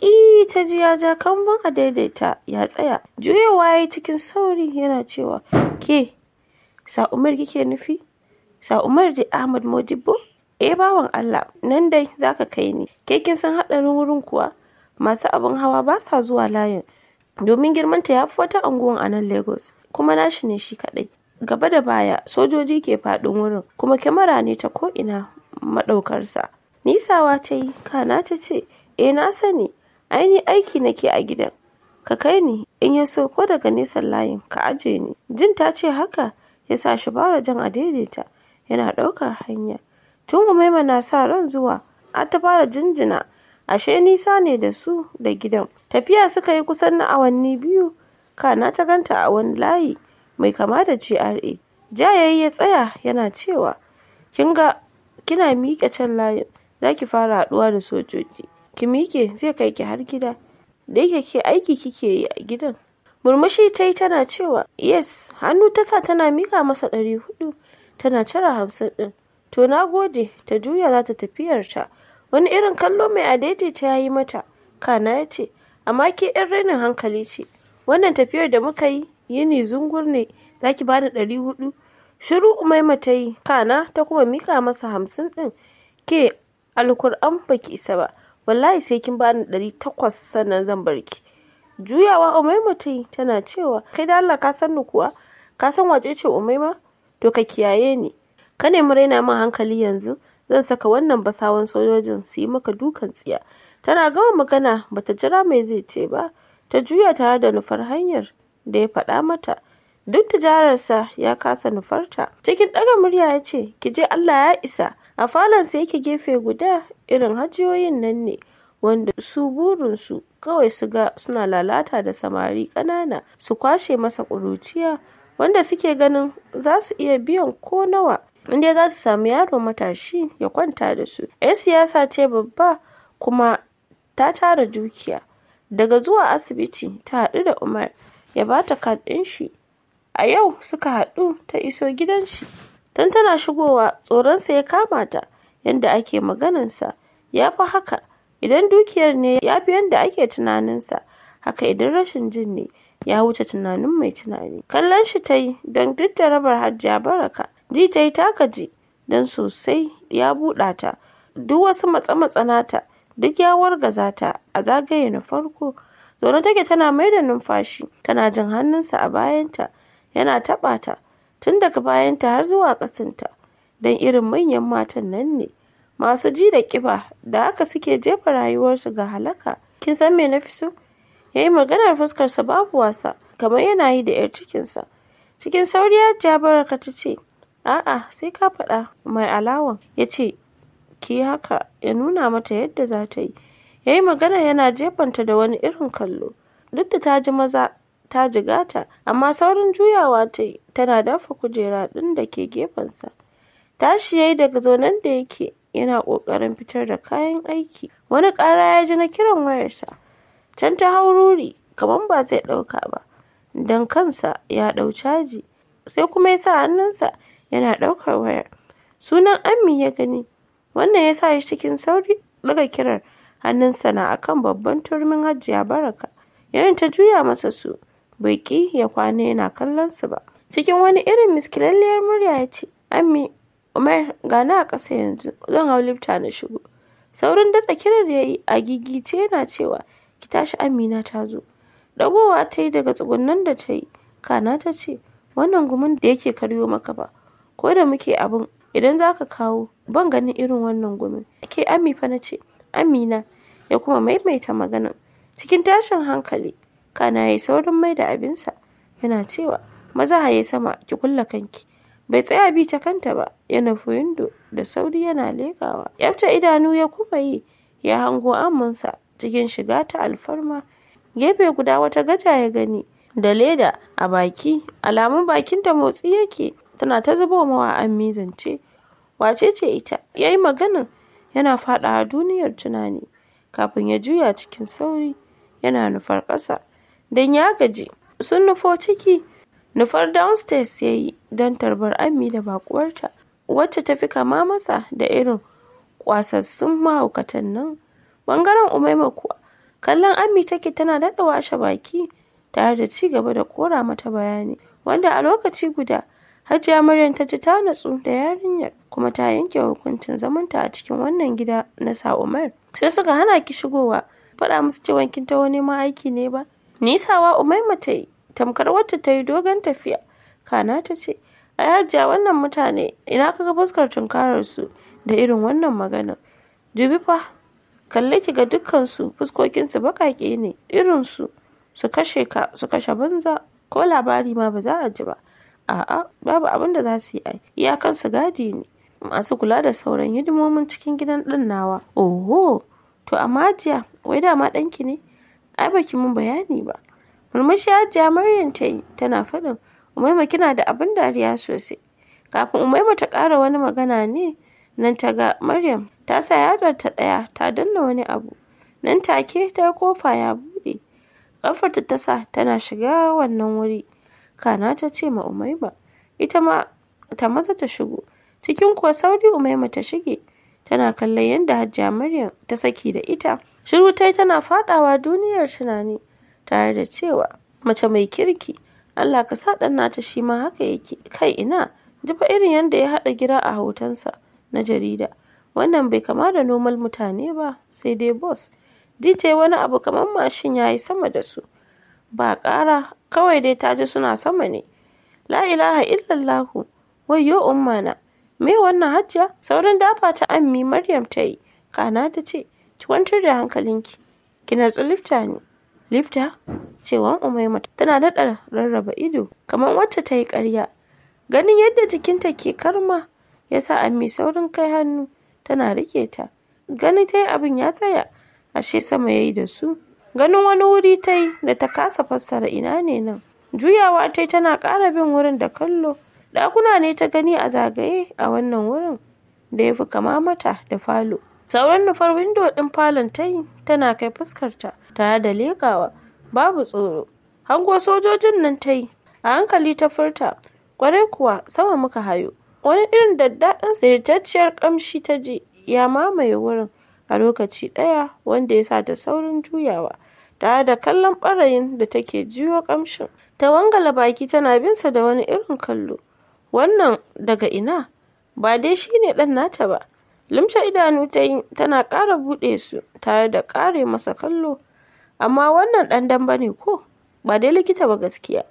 ƙi ta ji ya ja ban a daidaita ya tsaya juyawa ya cikin sauri yana cewa ke sa umar kike nufi sa umar da ahmad modibo eh bawan allah nan dai zaka kai ni ke kin san haɗarin wurin kuwa masu abin hawa ba sa zuwa layin domin girmanta ya fi wata anguwan a nan lagos kuma nashi ne shi kaɗai gaba da baya sojoji ke faɗin wurin kuma kyamara ne ta ko'ina maɗaukarsa nisawa ta yi kana ta ce e na sani ai aiki nake a gidan ka kai ni in ya so ko daga nesa layin ka aje ni jin ta ce haka ya sa shi bara jan a daidaita yana ɗaukar hanya tun umaima na sa ran zuwa a ta fara jinjina ashe nisa ne da su da gidan tafiya suka yi kusan na awanni biyu kana ta ganta a wani layi mai kama da GRA ja yayi ya tsaya yana cewa kin ga kina miƙe can layin za ki fara haɗuwa da sojoji ki miƙe zai kai ki har gida da yake ke aiki kike yi a gidan murmushi ta yi tana cewa yes hannu ta sa tana mika masa ɗari hudu tana cire hamsin ɗin to na gode ta juya za ta tafiyarta wani irin kallo mai adaidaita ya yi mata kana ya ce amma ke yan rainin hankali ce wannan tafiyar da muka yi yini zungur ne za ki bani ɗari hudu shiru umaima ta yi kana ta kuma mika masa hamsin ɗin ke alkur'an baki isa ba wallahi sai kin bani ɗari takwas sannan zan bar barki juyawa umaima ta yi tana cewa kai da allah ka san ni kuwa ka san wace ce umaima to ka kiyaye ni ka nemi raina min hankali yanzu zan saka wannan basawan sojojin su yi maka dukan tsiya tana gama magana bata jira mai zai ce ba ta juya tare da nufar hanyar da ya faɗa mata duk tijararsa ya kasa nufarta cikin ɗaga murya ya ce ki je allah ya isa a falon sa yake gefe guda irin hajiyoyin nan ne wanda su burinsu kawai su ga suna lalata da samari ƙanana su kwashe masa ƙuruciya wanda suke ganin za su iya biyan ko nawa inda za su samu yaro matashi ya kwanta da su. 'Yar siyasa ce babba kuma ta tara dukiya. Daga zuwa asibiti ta haɗu da Umar ya bata ta shi. A yau suka haɗu ta iso gidan shi. Tun tana shigowa tsoronsa ya kama ta yadda ake maganansa Ya fi haka, idan dukiyar ne ya fi yadda ake tunaninsa, haka idan rashin jin ne ya wuce tunanin mai tunani. Kallon shi ta yi don duk da rabar hajjia Baraka, ji ta yi ta gaji don sosai ya buɗata. duk wasu matsa-matsa nata duk ya wargaza ta a zagaye na farko. Zaune take tana mai da numfashi, tana jin hannunsa a bayanta, yana taɓa ta tun daga bayanta har zuwa ƙasanta, don irin manyan matan nan ne. masu ji da kiba da haka suke jefa rayuwarsu ga halaka kin san me na fi so ya yi maganar fuskarsa babu wasa kamar yana yi da 'yar cikinsa cikin sauri ya baraka ta ce a'a sai ka faɗa mai alawan ya ce ki haka ya nuna mata yadda za ta yi ya yi magana yana jefanta da wani irin kallo duk da ta ji maza ta jigata amma saurin juyawa ta yi tana dafa kujera ɗin da ke gefensa tashi ya yi daga zonen da yake yana ƙoƙarin fitar da kayan aiki. Wani ƙara ya ji na kiran wayarsa. Can ta haururi kamar ba zai ɗauka ba, don kansa ya ɗau caji. Sai kuma ya sa hannunsa yana ɗaukar wayar. Sunan Ammi ya gani, wannan ya sa shi cikin sauri ɗaga kiran hannunsa na akan babban turmin hajjiya baraka. Yayin ta juya masa su, bai ya kwana yana kallon su ba. Cikin wani irin miskilalliyar murya ya ce, Ammi Umar gana a ƙasa yanzu zan hau lifta na shigo. Saurin datsa kirar ya yi a gigice yana cewa ki tashi Amina ta zo. Dagowa ta yi daga tsugunnan da ta yi kana ta ce wannan gumin da yake karyo maka ba ko da muke abin idan za ka kawo ban ganin irin wannan gumin. Ke Ami fa na ce Amina ya kuma maimaita maganan cikin tashin hankali kana ya yi saurin mai da abinsa yana cewa maza haye sama ki kulla kanki bai tsaya bi ta kanta ba ya nufi windo da sauri yana lekawa yabta idanu ya kuma yi ya hango amminsa cikin shiga ta alfarma gefe guda wata gaja ya gani da leda a baki alamun ta motsi yake tana ta zubo mawa an mizance wace ce ita ya yi maganin yana faɗawa duniyar tunani kafin ya juya cikin sauri yana nufar ƙasa don ya gaji sun nufo ciki Nufar Downstairs ya yi don tarbar Ami da baƙuwarta, wacce ta fi kama masa da irin kwasassun mahaukatan nan, ɓangaren Umaima kuwa kallon Ami take tana daɗa washe baki tare da ci gaba da kora mata bayani, wanda a lokaci guda Hajiya Maryam ta ji ta natsu da yarinyar kuma ta yanke hukuncin zamanta a cikin wannan gida na Sa Umar. Sai suka hana ki shigowa, faɗa musu cewa kin ta wani aiki ne ba. Nisawa Umaima ta yi tamkar wacce ta yi dogon tafiya. Kana ta ce, a yajiya wannan mutane ina kaga fuskar tunkarar su da irin wannan maganar Dubi fa, kalle ki ga dukkansu fuskokinsu baƙaƙe ne irin su kashe ka su kashe banza ko labari ma ba za a ji ba. A'a, babu abin da za su yi ai, su gadi ne. Masu kula da sauran hidimomin cikin gidan ɗin nawa. Oho, to amma jiya, wai dama danki ne? Ai baki mun bayani ba. Murmushi Hajiya Maryam ta yi, tana faɗin, Umaima kina da abin dariya sosai. Kafin Umaima ta ƙara wani magana ne, nan ta ga Maryam ta sa yatsar ta ɗaya ta danna wani abu. Nan take ta kofa ya buɗe. Ƙafarta ta sa tana shiga wannan wuri. Kana ta ce ma Umaima, ita ma ta maza ta shigo. Cikin kuwa sauri Umaima ta shige, tana kallon yadda Hajiya Maryam ta saki da ita. Shiru tai tana faɗawa duniyar tunani. tare da cewa mace mai kirki Allah ka sa ɗan nata shi ma haka yake kai ina ji irin yadda ya haɗa gira a hotonsa na jarida wannan bai kama da nomal mutane ba sai dai boss dite wani abu kamar mashin ya yi sama da su ba ƙara kawai dai ta ji suna sama ne la ilaha illallahu wayyo ummana me wannan hajja Sauran dafa ta ammi maryam ta yi kana ta ce ki kwantar da hankalinki ki natsu lifta ne Lifta, cewa Umaima tana daɗa rarraba ido kamar wacce ta yi ƙarya. Ganin yadda jikinta ke karma ya sa Ammi saurin kai hannu tana rike ta. Gani ta yi abin ya tsaya, ashe sama ya yi da su. Ganin wani wuri ta yi da ta kasa fassara ina ne nan. Juyawa ta tana ƙara bin wurin da kallo. Ɗakuna ne ta gani a zagaye a wannan wurin da ya fi kama mata da falo. Sauran nufar windo ɗin falon ta yi tana kai fuskarta tare da leƙawa, babu tsoro. Hango sojojin nan ta yi, a hankali ta furta, kwarai kuwa sama muka hayo. Wani irin daddaɗin sirtacciyar ƙamshi ta ji ya mamaye wurin a lokaci ɗaya wanda ya sa ta saurin juyawa. tare da kallon ɓarayin da take jiyo ƙamshin. Ta wangala baki tana binsa da wani irin kallo. Wannan daga ina? Ba dai shi ne ɗan nata ba, Lumshe idanu ta yi tana ƙara buɗe su tare da ƙare masa kallo. Amma wannan ɗan damba ne ko? Ba dai likita ba gaskiya.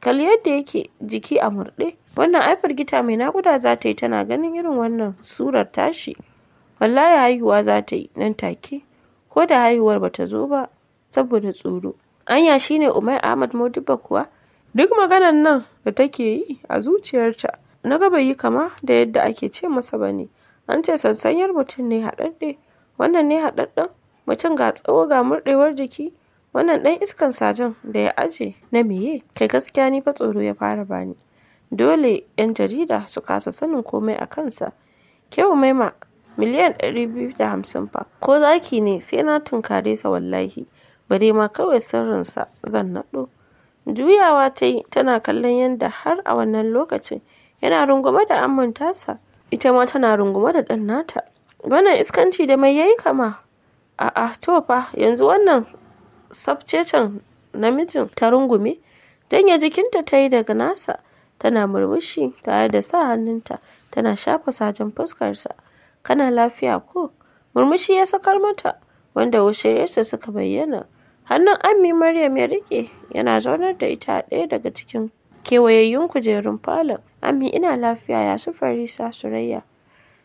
Kalli yadda yake jiki a murɗe. Wannan ai firgita mai naƙuda za ta yi tana ganin irin wannan surar tashi. Wallahi haihuwa za ta yi nan take. Ko da haihuwar ba ta zo ba saboda tsoro. Anya shine Umar Ahmad Modibo kuwa? Duk maganan nan da take yi a zuciyarta na ga yi kama da yadda ake ce masa ba ne. an ce sansanyar mutum ne haɗaɗɗe wannan ne haɗaɗɗen mutum ga tsawo ga murɗewar jiki wannan ɗan iskan sajan da ya aje na meye kai gaskiya ni fa tsoro ya fara bani dole yan jarida su kasa sanin komai a kansa kyau maima miliyan ɗari biyu da hamsin fa ko zaki ne sai na tunkare sa wallahi bare ma kawai sirrinsa zan naɗo juyawa ta yi tana kallon yadda har a wannan lokacin yana rungume da amintasa ita ma tana rungume da ɗan nata wannan iskanci da mai yayi kama a'a to fa yanzu wannan sabcecen namijin ta rungume janye jikinta ta yi daga nasa tana murmushi tare da sa hannunta tana shafa sajen fuskarsa kana lafiya ko murmushi ya sakar mata wanda washayyarsa suka bayyana hannun ammi maryam ya rike yana zaunar da ita a ɗaya daga cikin kewayayyun kujerun falon. Ami ina lafiya ya su Farisa Surayya.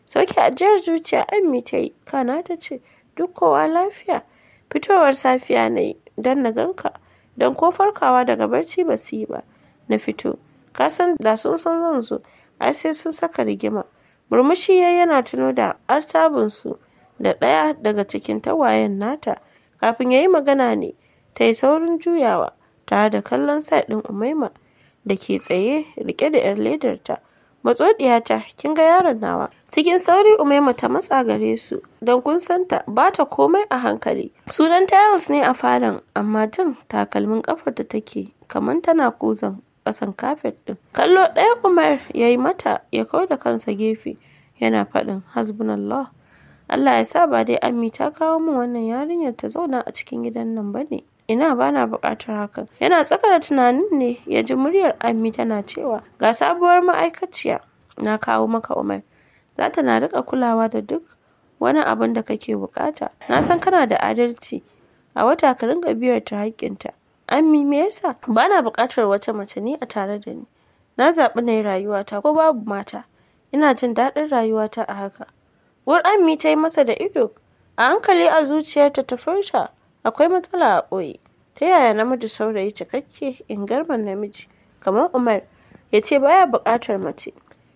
Sauke ajiyar zuciya Ami ta yi, kana ta ce, duk kowa lafiya. Fitowar safiya na yi, don na ganka, don ko farkawa daga barci ba su yi ba. Na fito, ka san da sun san zan zo, ai sai sun saka rigima. Murmushi ya yana tuno da artabinsu da ɗaya daga cikin tawayen nata. Kafin ya yi magana ne, ta yi saurin juyawa, tare da kallon sa ɗin Umaima. da ke tsaye rike da 'yar ledarta. Matsoɗiyata, kin ga yaron nawa. Cikin sauri Umaima ta matsa gare su, don kun santa ba ta komai a hankali. Sunan tiles ne a falon, amma jin takalmin kafar da take kamar tana kuzan ƙasan kafet ɗin. Kallo ɗaya Umar ya yi mata ya kau da kansa gefe, yana faɗin hasbunallah. Allah ya sa ba dai ammi ta kawo min wannan yarinyar ta zauna a cikin gidan nan ba ne. ina bana buƙatar hakan yana tsaka da tunanin ne ya ji muryar ammi tana cewa ga sabuwar ma'aikaciya na kawo maka umar za ta na rika kulawa da duk wani abin da kake buƙata na san kana da adalci a wata ka ringa biyar ta haƙƙinta ammi me yasa bana buƙatar wata mace ne a tare da ni na zaɓi na yi rayuwata ko babu mata ina jin daɗin rayuwata a haka wur ammi ta yi masa da ido a hankali a zuciyarta ta furta Akwai matsala a ɓoye. Ta yaya namiji saurayi cikakke in ingarman namiji kamar Umar ya ce baya buƙatar mace?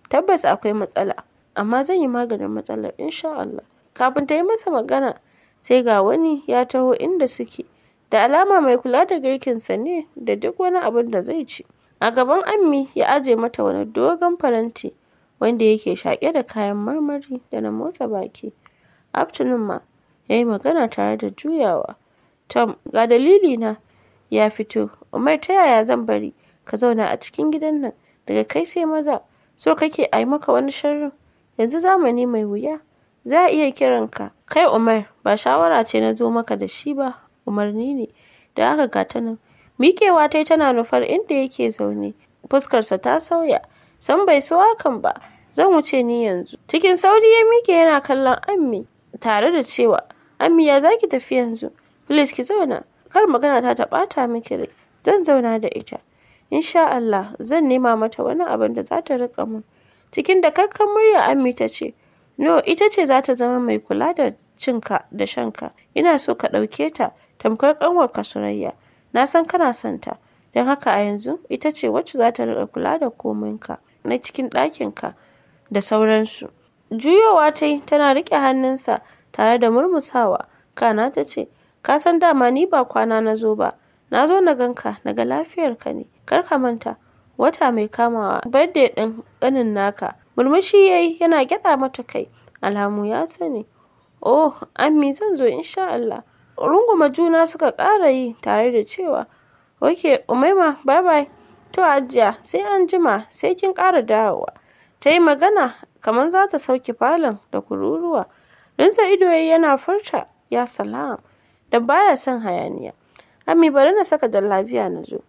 Tabbas akwai matsala, amma zan yi maganin matsalar insha Allah. Kafin ta yi masa magana, sai ga wani ya taho inda suke. Da alama mai kula da girkinsa ne da duk wani abin da zai ci. A gaban Ammi ya aje mata wani dogon faranti wanda yake shaƙe da kayan marmari da na motsa baki. Afternoon ma ya yi magana tare da juyawa. Tom, ga dalili na. ya fito, Umar ta yaya zan bari ka zauna a cikin gidan nan, daga kai sai maza, so kake a yi maka wani sharrin? Yanzu zamani mai wuya, za a iya kiran ka, kai Umar, ba shawara ce na zo maka da shi ba, umarni ne, Da aka ga ta nan. Miƙewa tai tana nufar inda yake zaune, fuskarsa ta sauya, san bai so hakan ba, zan wuce ni yanzu. Cikin sauri ya mike yana kallon Ammi, tare da cewa, Ammi ya zaki tafi yanzu? please ki zauna kar magana ta ta ɓata miki rai zan zauna da ita insha Allah zan nema mata wani abin da za ta riƙa mun cikin da kakkan murya Ami ta ce no ita ce za ta zama mai kula da cinka da shanka ina so ka ɗauke ta tamkar ƙanwar ka surayya na san kana son ta don haka a yanzu ita ce wacce za ta riƙa kula da kominka na cikin ɗakinka da sauransu juyowa ta yi tana riƙe hannunsa tare da murmusawa kana ta ce Ka san dama ni ba kwana na zo ba, na zo na ganka ka na ga ka ne, kar ka manta, wata mai kamawa, birthday ɗin ƙanin naka. Murmushi yayi yana gyaɗa mata kai, alamu ya sani. Oh, ammi zan zo insha Allah. Runguma juna suka ƙara yi tare da cewa, oke Umaima, bye bye. To ajiya, sai an jima, sai kin ƙara dawowa. Ta yi magana kamar za ta sauke falon da kururuwa. Rinsa ido yana furta, ya salam. don baya son hayaniya. Ami bari na saka da lafiya na zo.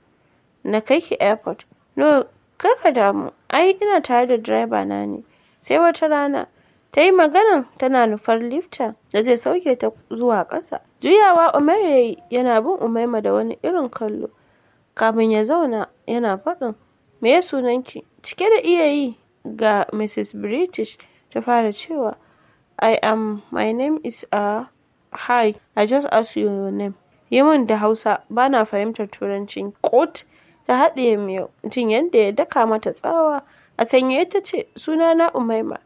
Na kai ki airport. No, karka damu. Ai ina tare da driver na ne. Sai wata rana. Ta yi maganan tana nufar lifta da zai sauke ta zuwa ƙasa. Juyawa Umar ya yana bin Umaima da wani irin kallo. kamin ya zauna yana faɗin me ya sunanki? Cike da iya yi ga Mrs. British ta fara cewa I am my name is a uh, Hi, I just asked you your name. Yi da Hausa, bana fahimtar Turancin. Kot ta haɗiye miyau, jin yadda ya daka mata tsawa. A sanye ta ce, suna sunana Umaima,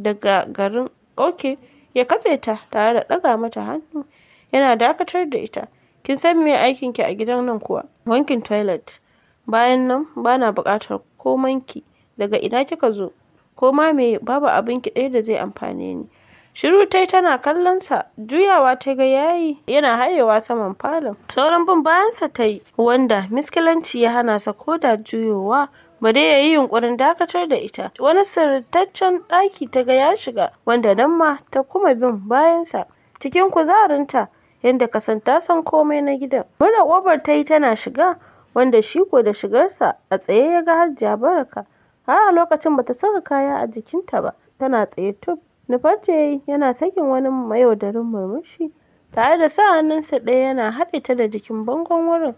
daga garin Ok, ya katse ta tare da ɗaga mata hannu. Yana dakatar da ita. Kin san me aikin ki a gidan nan kuwa? Wankin toilet. Bayan nan, bana na buƙatar komanki. Daga ina kika zo? Ko ma me babu abinki ɗaya da zai amfane ni. Shiru tai tana kallon kallonsa, juyawa ta ga yayi yana hayewa saman falon. Sauran bin bayansa ta yi, wanda miskilanci ya hana sa ko da juyowa ba dai ya yi yunkurin dakatar da ita. Wani sirtaccen ɗaki ta ga ya shiga, wanda nan ma ta kuma bin bayansa. Cikin kuzarinta, yadda kasan ta san komai na gidan. Murna kobar ta yi tana shiga, wanda shi ko da shigarsa a tsaye ya ga Hajiya Baraka. Har a lokacin ta saka kaya a jikinta ba, tana tsaye tub. Nufarta ya yi yana sakin wani mayaudarin murmushi tare da sa hannunsa ɗaya yana haɗe ta da jikin bangon wurin.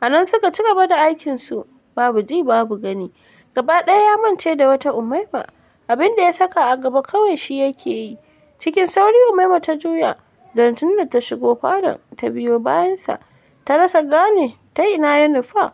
A nan suka ci gaba da aikinsu babu ji babu gani. Gaba ɗaya ya mance da wata umaima abin da ya saka a gaba kawai shi yake yi. Cikin sauri umaima ta juya don tun da ta shigo falon ta biyo bayansa ta rasa gane ta ina ya nufa.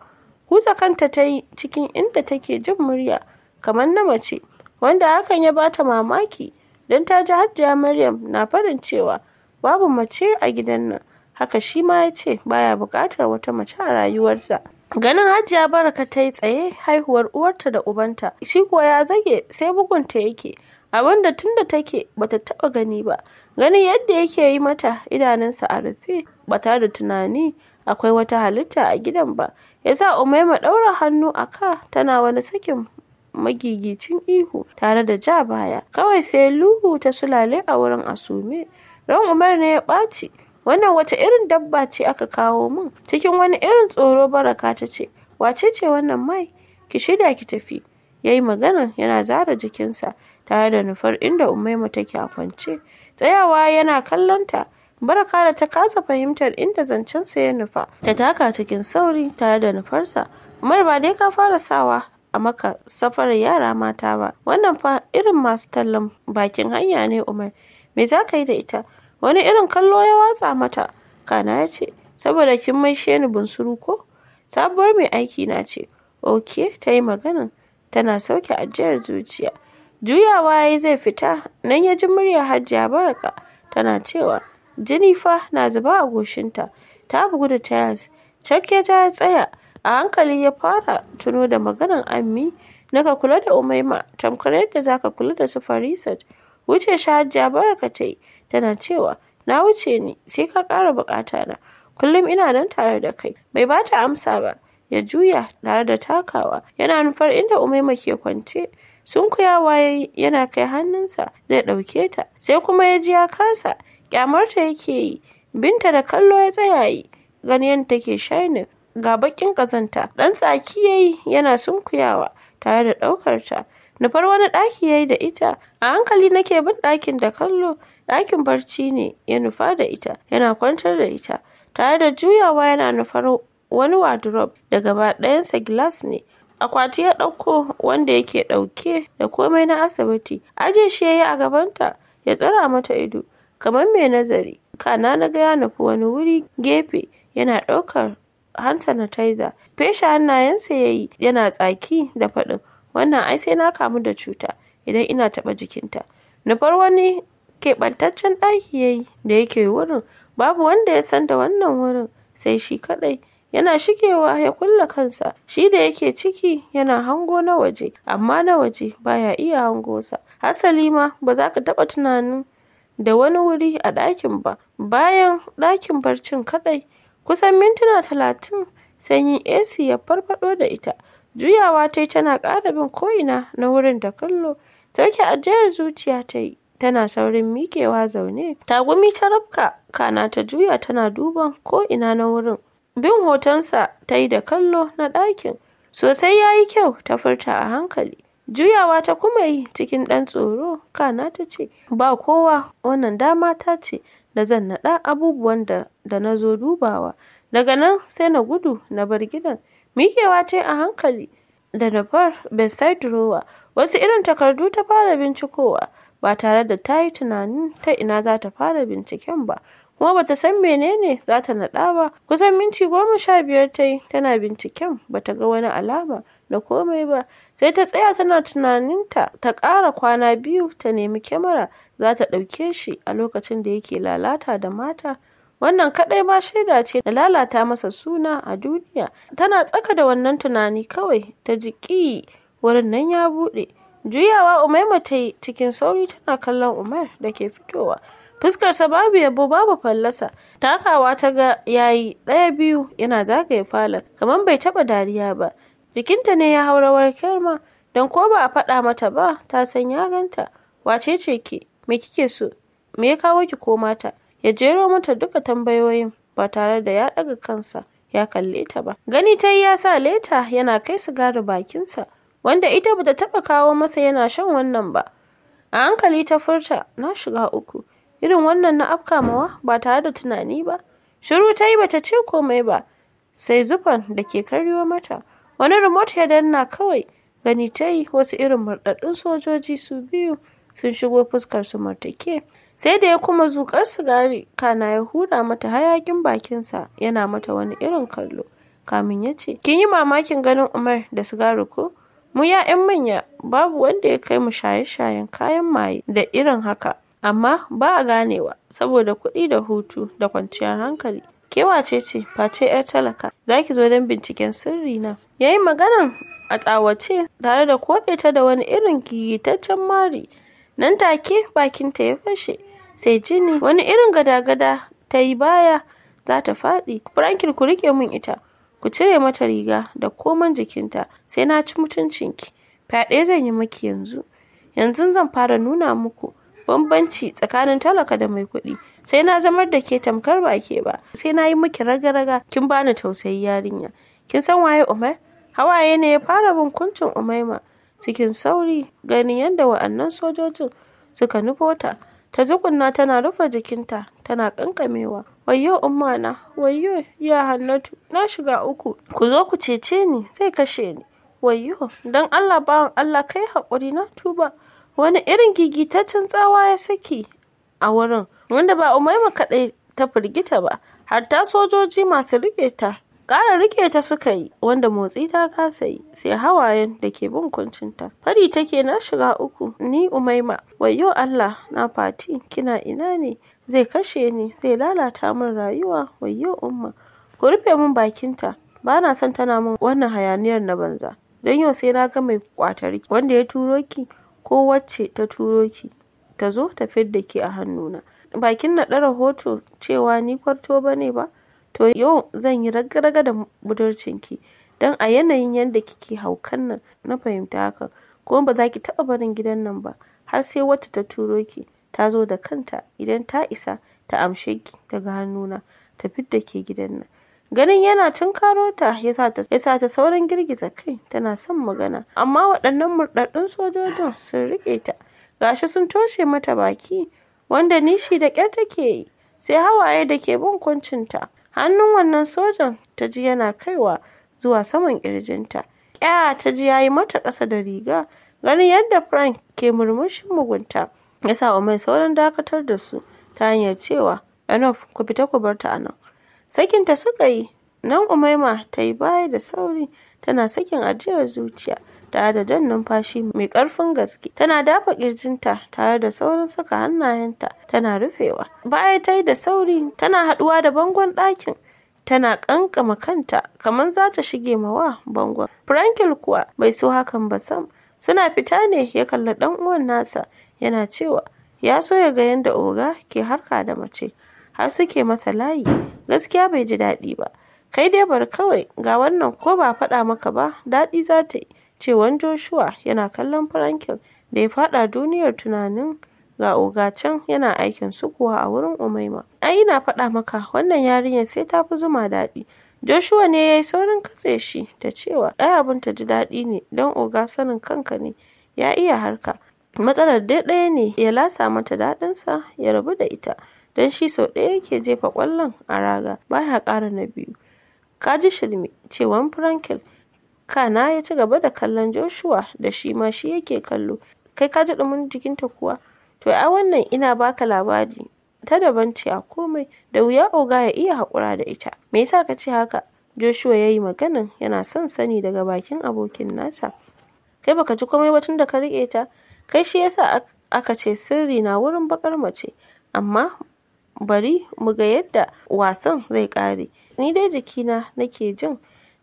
Kusa kanta ta yi cikin inda take jin murya kamar na mace wanda hakan ya bata mamaki. don ta ji Hajiya Maryam na faɗin cewa babu mace a gidan nan, haka shi ma ya ce baya buƙatar wata mace a rayuwarsa. Ganin Hajiya Baraka ta yi tsaye haihuwar uwarta da ubanta, shi kuwa ya zage sai bugunta yake, abinda da tun da take bata taba gani ba. Ganin yadda yake yi mata idanunsa a rufe ba da tunani akwai wata halitta a gidan ba, ya sa ma ɗaura hannu a ka tana wani sakin magigicin ihu tare da ja baya kawai sai luhu ta sulale a wurin asume ran umar ne ya ɓaci wannan wace irin dabba ce aka kawo mun? cikin wani irin tsoro baraka ta ce wace ce wannan mai ki shida ki tafi yayi magana yana zara jikinsa tare da nufar inda umaima take a kwance tsayawa yana kallonta baraka da ta kasa fahimtar inda zancensa ya nufa ta taka cikin sauri tare da nufarsa umar ba dai ka fara sawa a maka safarar yara mata ba wannan fa irin masu tallan bakin hanya ne umar me za ka yi da ita wani irin kallo ya watsa mata kana ya ce saboda kin maishe ni bunsuru ko sabuwar mai aiki na ce ok ta yi maganan tana sauke ajiyar zuciya juyawa ya yi zai fita nan ya ji murya hajiya baraka tana cewa jini fa na zuba a goshinta ta bugu da tayas Cakke ya ya tsaya a hankali ya fara tuno da maganan ammi na ka kula da umaima tamkar yadda za ka kula da su farisat wuce shi hajjiya baraka ta yi tana cewa na wuce ni sai ka ƙara bukata na kullum ina nan tare da kai bai ba ta amsa ba ya juya tare da takawa yana nufar inda umaima ke kwance sunkuyawa ya yana kai hannunsa zai ɗauke ta sai kuma ya ji ya kasa ƙyamarta yake yi binta da kallo ya tsaya yi ganin yadda take shining ga bakin kazanta dan tsaki yayi yana sunkuyawa tare da daukar ta nufar wani daki yayi da ita a hankali nake bin dakin da kallo dakin barci ne ya nufa da ita yana kwantar da ita tare da juyawa yana nufar wani wardrobe da gaba ɗayansa glass ne akwati ya ɗauko wanda yake ɗauke da komai na asibiti aje shi yayi a gabanta ya tsara mata ido kamar mai nazari kana na ga ya nufi wani wuri gefe yana ɗaukar hand sanitizer fesha hannayensa ya yi yana tsaki da faɗin wannan ai sai na kamu da cuta idan ina taɓa jikinta na nufar wani keɓantaccen ɗaki ya yi da yake wurin babu wanda ya san da wannan wurin sai shi kaɗai yana shigewa ya kulle kansa shi da yake ciki yana hango na waje amma na waje baya iya hango sa hasali ma ba za ka taɓa tunanin da wani wuri a ɗakin ba bayan ɗakin barcin kaɗai Kusan mintuna talatin sanyin AC ya farfaɗo da ita, juyawa ta yi tana ƙara bin ko'ina na wurin da kallo, sauke ajiyar zuciya ta yi. Tana saurin miƙewa zaune, tagumi ta rabka, kana ta juya tana duban ko'ina na wurin. Bin hotonsa ta yi da kallo na ɗakin, sosai ya yi kyau ta furta a hankali. Juyawa ta kuma yi cikin ɗan tsoro, kana ta ce, ba kowa wannan dama ta ce, da zan naɗa abubuwan da na zo dubawa. Daga nan sai na gudu na bar gidan. mikewa ce a hankali da na bar bedside drawer wasu irin takardu ta fara bincikowa ba tare da ta yi tunanin ta ina za ta fara binciken ba. kuma ba ta san menene za ta naɗa ba kusan minti goma sha biyar ta yi tana binciken ba ta ga wani alama da komai ba sai ta tsaya tana tunaninta ta ƙara kwana biyu ta nemi kyamara za ta ɗauke shi a lokacin da yake lalata da mata wannan kaɗai ma shaida ce da lalata masa suna a duniya tana tsaka da wannan tunani kawai ta jiki wurin nan ya buɗe juyawa umaima ta cikin sauri tana kallon umar da ke fitowa fuskarsa babu yabo babu fallasa takawa ta ga yayi ɗaya biyu yana zagaye falon kamar bai taɓa dariya ba Jikinta ne ya hau rawar kyarma, don ko ba a faɗa mata ba, ta san ya ganta. Wace ce ke? Me kike so? Me ya kawo ki ko mata? Ya jero mata duka tambayoyin ba tare da ya ɗaga kansa ya kalle ta ba. Gani ta yi ya sa leta yana kai sigari bakinsa, wanda ita bata taɓa kawo masa yana shan wannan ba. A hankali ta furta, na shiga uku. Irin wannan na afkamawa ba tare da tunani ba. Shiru ta yi bata ce komai ba, sai zufan da ke karyo mata. wani remote ya danna kawai gani ta yi wasu irin murɗaɗɗun sojoji su biyu sun shigo fuskar su martake sai da ya kuma zukar sigari kana ya hura mata hayakin bakinsa yana mata wani irin kallo kamin ya ce kin yi mamakin ganin umar da sigari ko mu ya'yan manya babu wanda ya kai mu shaye-shayen kayan maye da irin haka amma ba a ganewa saboda kuɗi da hutu da kwanciyar hankali ke wace ce face yar talaka za ki zo don binciken sirri na ya yi maganan a tsawace tare da koɗe ta da wani irin gigitaccen mari nan take bakinta ya fashe sai jini wani irin gada-gada ta yi baya za ta faɗi frankin ku rike min ita ku cire mata riga da koman jikinta sai na ci mutuncinki fyaɗe zan yi maki yanzu yanzu zan fara nuna muku bambanci tsakanin talaka da mai kuɗi sai na zamar da ke tamkar ba ke ba sai na yi miki raga-raga kin bani tausayi yarinya kin san waye umar hawaye ne ya fara bin kuncin umaima cikin sauri ganin yadda wa'annan sojojin suka nufo ta ta zukunna tana rufe jikinta tana kankamewa wayyo umana wayyo ya hannatu na shiga uku ku zo ku cece ni zai kashe ni wayyo don allah bawan allah kai haƙuri na tuba wani irin gigitaccen tsawa ya saki a wurin wanda ba umaima kaɗai ta firgita ba har ta sojoji masu riƙe ta ƙara rike ta suka yi wanda motsi ta kasa yi sai hawayen da ke bin kuncinta fari take na shiga uku ni umaima wayo allah na fati kina ina ne zai kashe ni zai lalata min rayuwa wayo umma ku rufe min bakinta ba na son tana min wannan hayaniyar na banza don yau sai na ga mai kwatarki wanda ya turo ki ko wacce ta turo ki ta zo ta fidda ki a hannuna. Ba kin naɗa rahoto cewa ni kwarto ba ne ba? To yau zan yi raga-raga da budurcin ki don a yanayin yadda kike haukan nan na fahimta hakan ko ba za ki taɓa barin gidan nan ba har sai wacce ta turo ki ta zo da kanta idan ta isa ta amshe ki daga hannuna ta fidda ke gidan nan. Ganin yana tunkaro ta ya sa ta saurin girgiza kai tana son magana. Amma waɗannan murɗaɗɗun sojojin sun riƙe ta. Gashi sun toshe mata baki wanda nishi da kyar take yi sai hawaye da ke bin kuncinta. Hannun wannan sojan ta ji yana kaiwa zuwa saman ƙirjinta. Ƙya ta ji ya yi mata ƙasa da riga. Ganin yadda Frank ke murmushin mugunta ya sa mai sauran dakatar da su ta hanyar cewa enough ku fita ku bar ta a sakin ta suka yi, nan Umaima ta yi baya da sauri, tana sakin ajiyar zuciya, tare da jan numfashi mai ƙarfin gaske. Tana dafa kirjinta tare da saurin saka hannayenta, tana rufewa. Baya ta yi da sauri, tana haɗuwa da bangon ɗakin. Tana ƙanƙama kanta kamar za ta shige mawa bangon. Frankel kuwa bai so hakan ba sam. Suna fita ne ya kalli ɗan uwan nasa yana cewa ya so ya ga yadda oga ke harka da mace. har suke masa layi gaskiya bai ji daɗi ba kai dai bar kawai ga wannan ko ba faɗa maka ba daɗi za ta yi cewan joshua yana kallon franklin da ya faɗa duniyar tunanin ga Oga ogacen yana aikin su kuwa a wurin umaima ai ina faɗa maka wannan yarinyar sai ta fi zuma daɗi joshua ne ya yi saurin katse shi ta cewa ɗaya abin ta ji daɗi ne don oga sanin kanka ne ya iya harka matsalar dai ɗaya ne ya lasa mata daɗinsa ya rabu da ita don shi sau ɗaya yake jefa kwallon a raga baya ya ƙara na biyu. “Ka ji shirme,” cewar Frankel, kana ya ci gaba da kallon Joshua da shi ma shi yake kallo. “Kai ka ji ɗumin jikinta kuwa? To ai wannan ina baka labari ta daban ce a komai, da wuya oga ya iya haƙura da ita. Me yasa ka ce haka?” Joshua ya yi maganan yana son sani daga bakin abokin nasa. Kai baka ji komai ba tun da ka riƙe ta, kai shi yasa aka ce sirri na wurin baƙar mace, amma bari mu ga yadda wasan zai kare ni dai jikina nake jin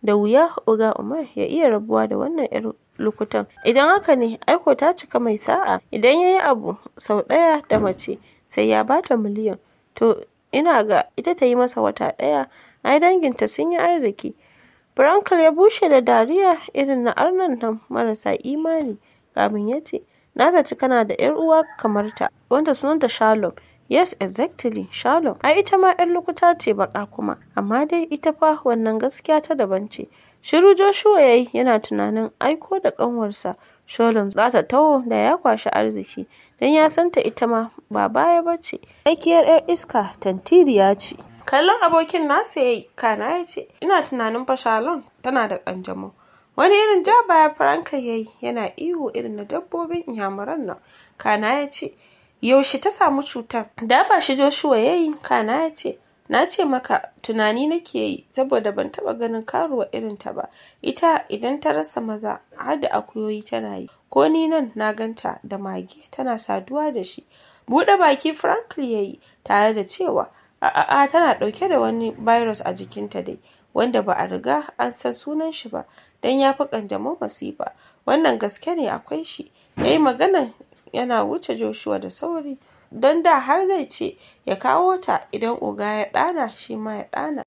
da wuya uga Umar ya iya rabuwa da wannan 'yar lukutan idan haka ne aiko ta cika mai sa'a idan ya yi abu sau ɗaya da mace sai ya bata miliyan to ina ga ita ta yi masa wata ɗaya ai danginta sun yi arziki frankl ya bushe da dariya irin na arnan nan marasa imani kamin ya ce na zaci kana da 'yar uwa kamar ta wanda sunanta Charlotte Yes, exactly, Shalom. Ai ita ma 'yar lokuta ce baka kuma, amma dai ita fa wannan gaskiya ta daban ce. Shiru Joshua yayi yana tunanin aiko da kanwarsa Sholom za ta taho da ya kwashi arziki, don ya santa ita ma ba baya ba ce. Aikiyar 'yar iska tantiriya ce. Kallon abokin nasa ya kana ya ce, ina tunanin fa Shalom tana da kanjamau. Wani irin ja baya Franka ya yana ihu irin na dabbobin inyamuran nan. Kana ya ce, yaushe ta samu cutar da ba shi Joshua yayi kana ya ce na ce maka tunani nake yi saboda ban taba ganin karuwa irin ta ba ita idan ta rasa maza har da akuyoyi tana yi ko ni nan na ganta da mage tana saduwa da shi bude baki ya yayi tare da cewa a'a tana dauke da wani virus a jikinta dai wanda ba a riga an san sunan shi ba dan ya fi kanjamau masifa wannan gaske ne akwai shi yayi maganan yana wuce Joshua da sauri don da har zai ce ya kawo ta idan oga ya ɗana shi ma ya ɗana.